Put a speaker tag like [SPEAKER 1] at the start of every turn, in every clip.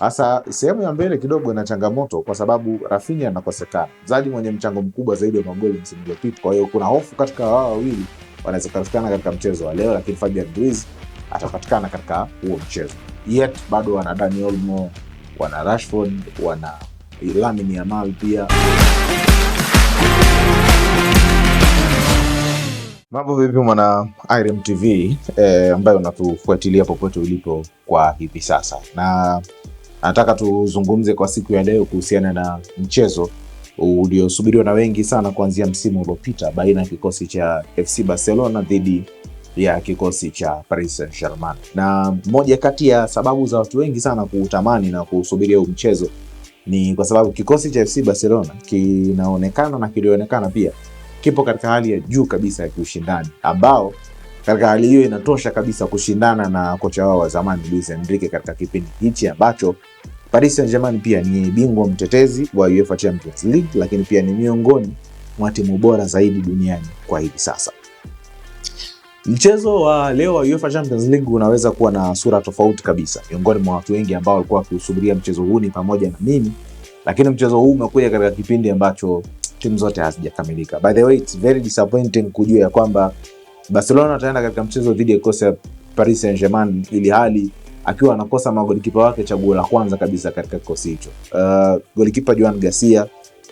[SPEAKER 1] Hasa sehemu ya mbele kidogo ina changamoto kwa sababu Rafinha anakosekana, Zadi mwenye mchango mkubwa zaidi wa magoli msimu uliopita. Kwa hiyo kuna hofu katika wao wawili wanaweza kupatikana katika mchezo wa leo, lakini Fabian Ruiz atapatikana katika huo mchezo. Yet bado wana Dani Olmo, wana Rashford, wana Lamine Yamal pia. Mambo vipi mwana Irem TV eh, ambayo unatufuatilia popote ulipo kwa hivi sasa na Nataka tuzungumze kwa siku ya leo kuhusiana na mchezo uliosubiriwa na wengi sana kuanzia msimu uliopita baina ya kikosi cha FC Barcelona dhidi ya kikosi cha Paris Saint-Germain. Na moja kati ya sababu za watu wengi sana kuutamani na kuusubiria huu mchezo ni kwa sababu kikosi cha FC Barcelona kinaonekana na kilionekana pia kipo katika hali ya juu kabisa ya kiushindani ambao katika hali hiyo inatosha kabisa kushindana na kocha wao wa zamani Luis Enrique katika kipindi hichi ambacho Paris Saint-Germain pia ni bingwa mtetezi wa UEFA Champions League, lakini pia ni miongoni mwa timu bora zaidi duniani kwa hivi sasa. Mchezo wa leo wa UEFA Champions League unaweza kuwa na sura tofauti kabisa. Miongoni mwa watu wengi ambao walikuwa wakiusubiria mchezo huu ni pamoja na mimi, lakini mchezo huu umekuja katika kipindi ambacho timu zote hazijakamilika. By the way, it's very disappointing kujua ya kwamba Barcelona ataenda katika mchezo dhidi ya kikosi ya Paris Saint-Germain ili hali akiwa anakosa magolikipa wake chaguo la kwanza kabisa katika kikosi hicho. Uh, golikipa Juan Garcia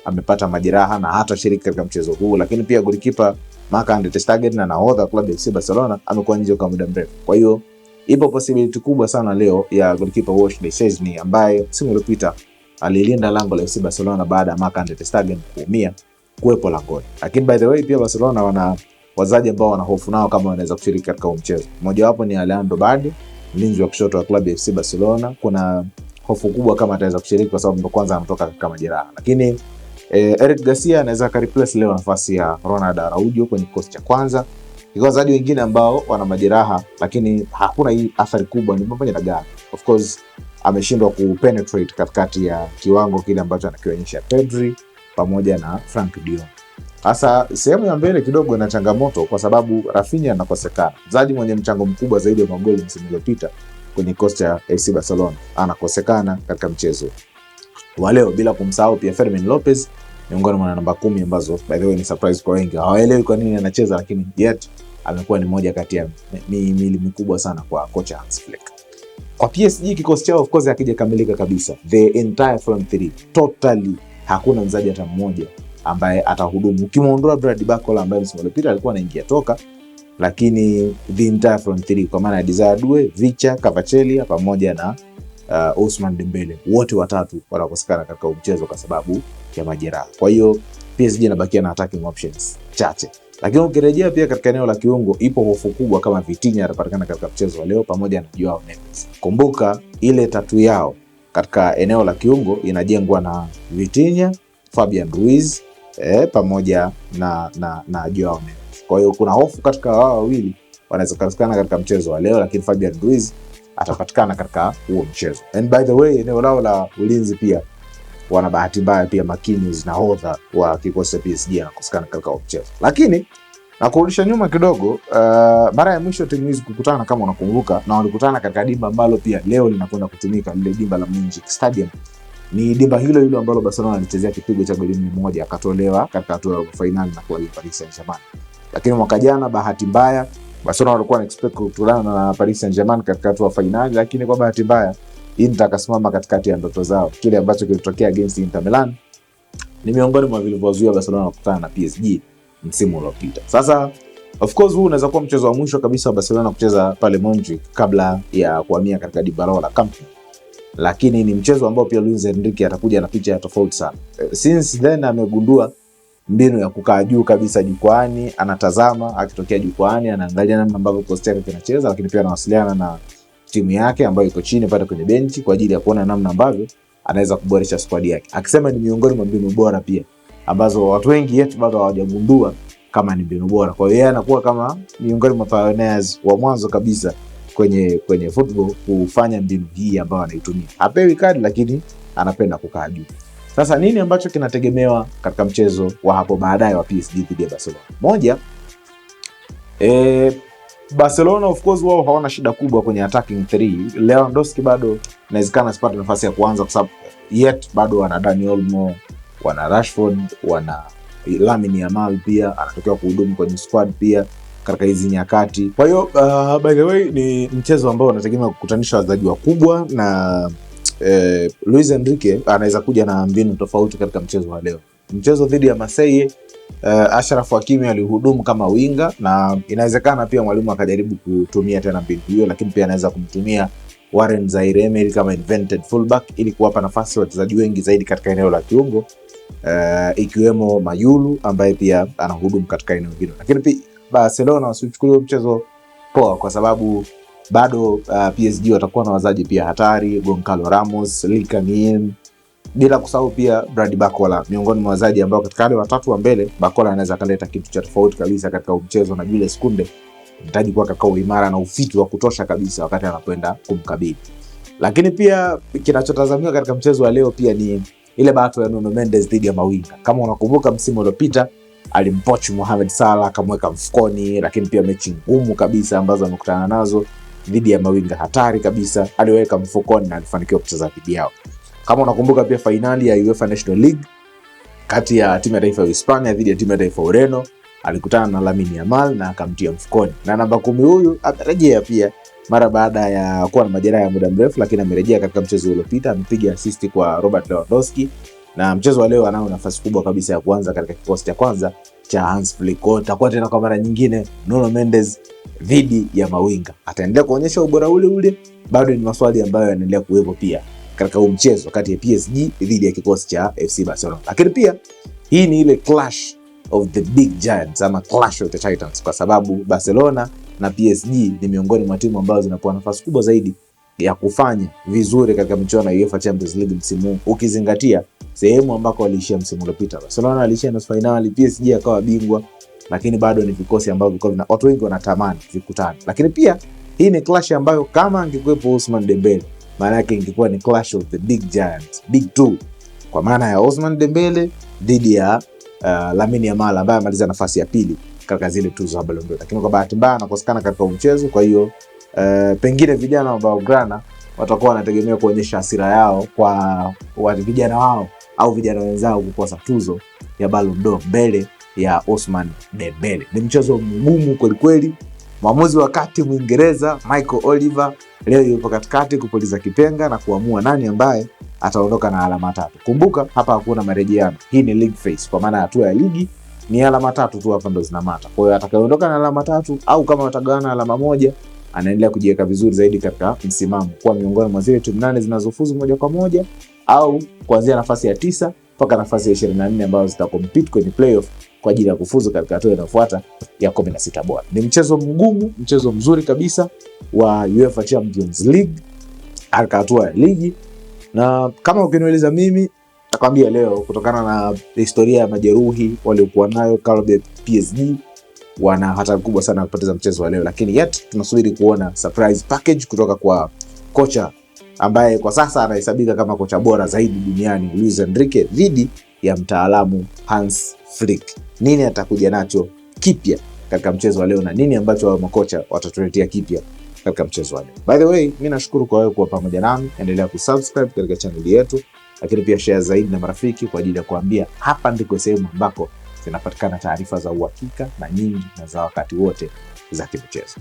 [SPEAKER 1] amepata majeraha na hatashiriki katika mchezo huu, lakini pia golikipa Marc Andre ter Stegen na nahodha klabu ya FC Barcelona amekuwa nje kwa muda mrefu. Kwa hiyo ipo possibility kubwa sana leo ya golikipa Washley Szczesny ambaye msimu uliopita alilinda lango la FC Barcelona baada ya Marc Andre ter Stegen kuumia kuwepo langoni. Lakini by the way pia Barcelona wana wazaji ambao wana hofu nao kama wanaweza kushiriki katika huu mchezo. Mojawapo ni Alejandro Balde, mlinzi wa kushoto wa klabu ya FC Barcelona. Kuna hofu kubwa kama ataweza kushiriki kwa sababu ndo kwanza anatoka katika majeraha, lakini eh, Eric Garcia anaweza akareplace leo nafasi ya Ronald Araujo kwenye kikosi cha kwanza. Wazaji wengine ambao wana majeraha lakini hakuna hii athari kubwa ni pamoja na Gavi. Of course ameshindwa kupenetrate katikati ya kiwango kile ambacho anakionyesha Pedri pamoja na Frank Dion. Sasa sehemu ya mbele kidogo ina changamoto kwa sababu Rafinha anakosekana. Mchezaji mwenye mchango mkubwa zaidi wa magoli msimu uliopita kwenye kosti ya AC Barcelona anakosekana katika mchezo wa leo, bila kumsahau pia Fermin Lopez miongoni mwa namba kumi ambazo by the way ni surprise kwa wengi, hawaelewi kwa nini anacheza, lakini yet amekuwa ni moja kati ya miili mikubwa sana kwa kocha Hans Flick. Kwa PSG kikosi chao of course hakijakamilika kabisa, the entire front three totally, hakuna mzaji hata mmoja ambaye atahudumu. Ukimwondoa Brad Bacol ambaye msimu uliopita alikuwa anaingia toka, lakini the entire front three kwa maana ya Desire Due, Vicha, Kvaratskhelia pamoja na uh, Ousmane Dembele wote watatu wanakosekana katika mchezo kwa sababu ya majeraha. Kwa hiyo PSG inabakia na attacking options chache, lakini ukirejea pia katika eneo la kiungo, ipo hofu kubwa kama Vitinha atapatikana katika mchezo wa leo pamoja na Joao Neves. Kumbuka ile tatu yao katika eneo la kiungo inajengwa na Vitinha, Fabian Ruiz eh, pamoja na, na, na Joao Neves. Kwa hiyo kuna hofu katika wao wawili wanaweza kupatikana katika mchezo wa leo, lakini Fabian Ruiz atapatikana katika huo mchezo. And by the way, eneo lao la ulinzi pia wana bahati mbaya pia, Marquinhos nahodha wa kikosi cha PSG anakosekana katika huo mchezo. Lakini nakurudisha nyuma kidogo, uh, mara ya mwisho timu hizi kukutana kama unakumbuka, na walikutana katika dimba ambalo pia leo linakwenda kutumika, lile dimba la Munich Stadium ni dimba hilo hilo ambalo Barcelona alichezea kipigo cha golini moja akatolewa katika hatua ya fainali na kuwa Paris Saint-Germain. Lakini mwaka jana, bahati mbaya, Barcelona walikuwa na expect kukutana na Paris Saint-Germain katika hatua ya fainali, lakini kwa bahati mbaya Inter akasimama katikati ya ndoto zao. Kile ambacho kilitokea against Inter Milan ni miongoni mwa vilivyozuia Barcelona kukutana na PSG msimu uliopita. Sasa of course huu unaweza kuwa mchezo wa mwisho kabisa wa Barcelona kucheza pale Montjuic kabla ya kuhamia katika dimba lao la Camp Nou lakini ni mchezo ambao pia Luis Enrique atakuja na picha ya tofauti sana. Eh, since then amegundua mbinu ya kukaa juu kabisa jukwani, anatazama akitokea jukwani, anaangalia namna ambavyo kikosi chake kinacheza, lakini pia anawasiliana na timu yake ambayo iko chini pale kwenye benchi kwa ajili ya kuona namna ambavyo anaweza kuboresha squad yake, akisema ni miongoni mwa mbinu bora pia ambazo watu wengi yetu bado hawajagundua kama ni mbinu bora. Kwa hiyo yeye anakuwa kama miongoni mwa pioneers wa mwanzo kabisa kwenye kwenye football kufanya mbinu hii ambayo anaitumia. Hapewi kadi, lakini anapenda kukaa juu. Sasa nini ambacho kinategemewa katika mchezo wa hapo baadaye wa PSG dhidi ya Barcelona? Moja, e, Barcelona of course wao hawana shida kubwa kwenye attacking three. Lewandowski bado inawezekana asipate nafasi ya kuanza kwa sababu yet bado wana Dani Olmo, wana Rashford, wana Lamine Yamal pia anatokea kuhudumu kwenye squad pia katika hizi nyakati. Kwa hiyo uh, by the way ni mchezo ambao unategemea kukutanisha wachezaji wakubwa na eh, Luis Enrique anaweza kuja na mbinu tofauti katika mchezo wa leo. Mchezo dhidi ya Marseille Uh, Ashraf Hakimi alihudumu kama winga na inawezekana pia mwalimu akajaribu kutumia tena mbinu hiyo, lakini pia anaweza kumtumia Warren Zaire-Emery kama invented fullback ili kuwapa nafasi wachezaji wengi zaidi katika eneo la kiungo uh, ikiwemo Mayulu ambaye pia anahudumu katika eneo hilo, lakini pia Barcelona wasichukulie mchezo poa, kwa sababu bado uh, PSG watakuwa na wazaji pia hatari, Goncalo Ramos, Likanin, bila kusahau pia Brad Bakola, miongoni mwa wazaji ambao katika wale watatu wa mbele Bakola anaweza akaleta kitu cha tofauti kabisa katika mchezo, na Jules Kunde anahitaji kuwa katika uimara na ufiti wa kutosha kabisa wakati anapoenda kumkabili. Lakini pia kinachotazamiwa katika mchezo wa leo pia ni ile battle ya Nuno Mendes dhidi ya mawinga. Kama unakumbuka msimu uliopita alimpochi Mohamed Salah akamweka mfukoni, lakini pia mechi ngumu kabisa ambazo amekutana nazo dhidi ya mawinga hatari kabisa aliweka mfukoni na alifanikiwa kucheza dhidi yao. Kama unakumbuka pia fainali ya UEFA National League kati ya timu ya taifa ya Hispania dhidi ya timu ya taifa ya Ureno alikutana na Lamine Yamal na akamtia mfukoni, na namba kumi huyu amerejea pia mara baada ya kuwa na majeraha ya muda mrefu, lakini amerejea katika mchezo uliopita, amepiga asisti kwa Robert Lewandowski na mchezo wa leo anao nafasi kubwa kabisa ya kuanza katika kikosi cha kwanza cha Hans Flick. takuwa tena kwa mara nyingine Nuno Mendes dhidi ya mawinga, ataendelea kuonyesha ubora ule ule? Bado ni maswali ambayo yanaendelea kuwepo pia katika huu mchezo kati ya PSG dhidi ya kikosi cha FC Barcelona. Lakini pia hii ni ile clash of the big giants ama clash of the titans, kwa sababu Barcelona na PSG ni miongoni mwa timu ambazo zinakuwa nafasi kubwa zaidi ya kufanya vizuri katika michuano ya UEFA Champions League msimu huu ukizingatia sehemu ambako waliishia msimu uliopita. Barcelona waliishia nusu fainali, PSG akawa bingwa, lakini bado ni vikosi ambavyo vilikuwa vina watu wengi wanatamani vikutane. Lakini pia hii ni clash ambayo kama angekuwepo Ousmane Dembele, maana yake ingekuwa ni clash of the big giants, big two, kwa maana ya Ousmane Dembele dhidi ya uh, Lamine Yamal ambaye amaliza nafasi ya pili katika zile tuzo za Ballon d'Or, lakini kwa bahati mbaya anakosekana katika mchezo. Kwa hiyo uh, pengine vijana wa Blaugrana watakuwa wanategemea kuonyesha hasira yao kwa vijana wao au vijana wenzao kukosa tuzo ya Ballon d'Or mbele ya Osman Dembele. Ni mchezo mgumu kwelikweli. Mwamuzi wa kati Mwingereza Michael Oliver leo yupo katikati kupuliza kipenga na kuamua nani ambaye ataondoka na alama tatu. Kumbuka hapa hakuna marejeano, hii ni league phase, kwa maana hatua ya ligi ni alama tatu tu hapa ndo zinamata. Kwa hiyo atakayeondoka na alama tatu au kama watagawana alama moja anaendelea kujiweka vizuri zaidi katika msimamo, kuwa miongoni mwa zile timu nane zinazofuzu moja kwa moja au kuanzia nafasi ya tisa mpaka nafasi ya nne ambazo zitakompete kwenye playoff kwa ajili ya kufuzu katika hatua inayofuata ya sita bora. Ni mchezo mgumu, mchezo mzuri kabisa wa UEFA Champions League katika hatua ya ligi, na kama ukiniuliza mimi nakwambia leo, kutokana na historia ya majeruhi waliokuwa nayo klabu ya PSG wana hatari kubwa sana ya kupoteza mchezo wa leo, lakini yet tunasubiri kuona surprise package kutoka kwa kocha ambaye kwa sasa anahesabika kama kocha bora zaidi duniani Luis Enrique dhidi ya mtaalamu Hans Flick. Nini atakuja nacho kipya katika mchezo wa leo na nini ambacho wao makocha watatuletea kipya katika mchezo wa leo? By the way, mimi nashukuru kwa wewe kuwa pamoja nami, endelea kusubscribe katika chaneli yetu, lakini pia share zaidi na marafiki kwa ajili ya kuambia hapa ndiko sehemu ambako zinapatikana taarifa za uhakika na nyingi na za wakati wote za kimchezo